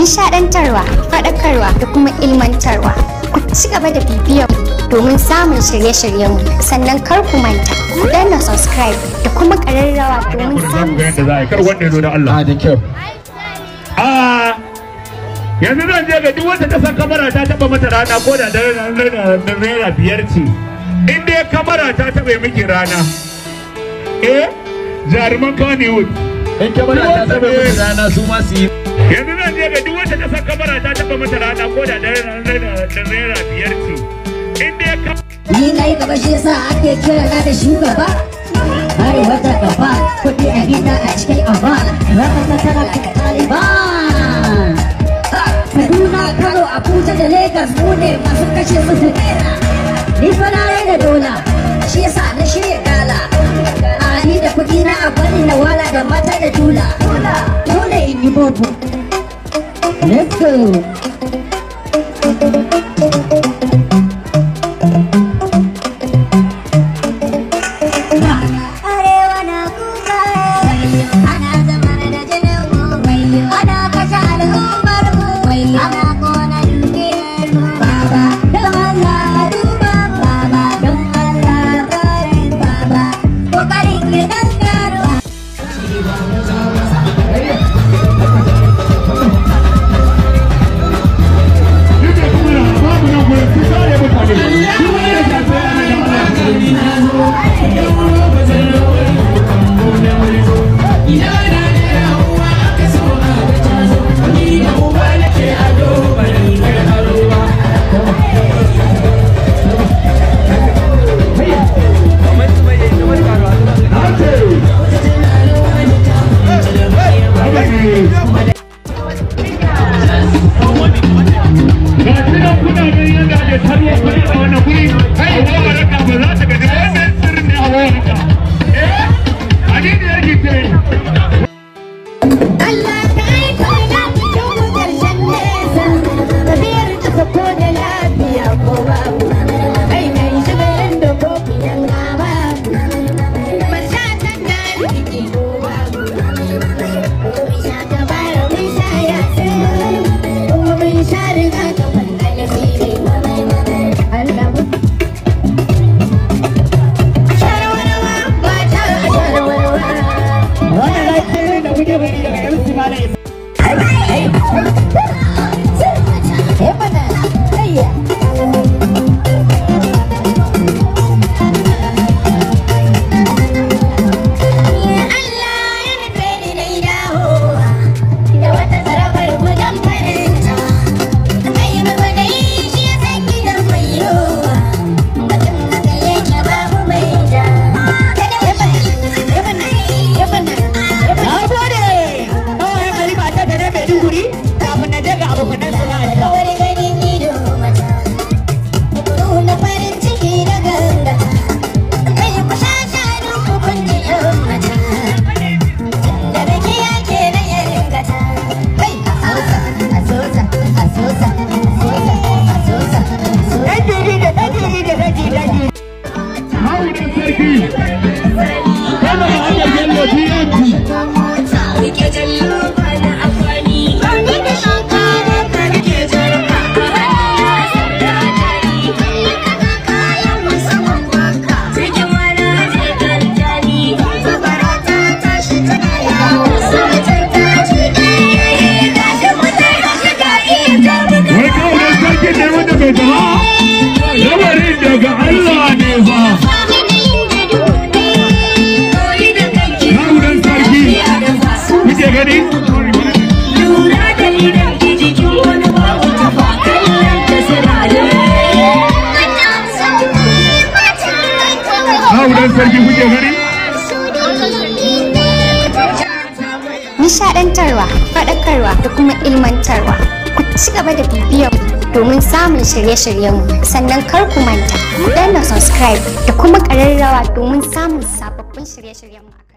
nishadantarwa, faɗakarwa da kuma ilmantarwa. Ku ci gaba da bibiyar domin samun shirye-shiryenmu sannan kar ku manta ku danna subscribe da kuma ƙararrawa domin samun kar wanda ya zo da Allah. Ah, da kyau. Ah, yanzu zan je ga duk wata ta san kamara ta taba mata rana ko da naira biyar ce in dai kamara ta taba miki rana eh jaruman kanewood in kamara ta taba miki rana su ma su yi yanzu zan je ga duk wata ƙasar kamara ta taɓa mata rana ko da naira biyar ce in dai ka ni na yi gaba shi yasa ake kira na da shugaba bari wata gaba kuɗi a gida a cikin aba raka ta tara ka taliban kaduna kano abuja da lagos mu ne masu kashe musu naira ni fa na da dola shi yasa na shirya gala a ni da kuɗi na a bari na wala da mata da tula Let's go. gonna Everybody, everybody. guri kafin na abu nishadantarwa, faɗakarwa da kuma ilmantarwa. Ku ci gaba da bibiyar domin samun shirye-shiryenmu sannan kar ku manta ku danna subscribe da kuma ƙararrawa domin samun sababbin shirye-shiryenmu.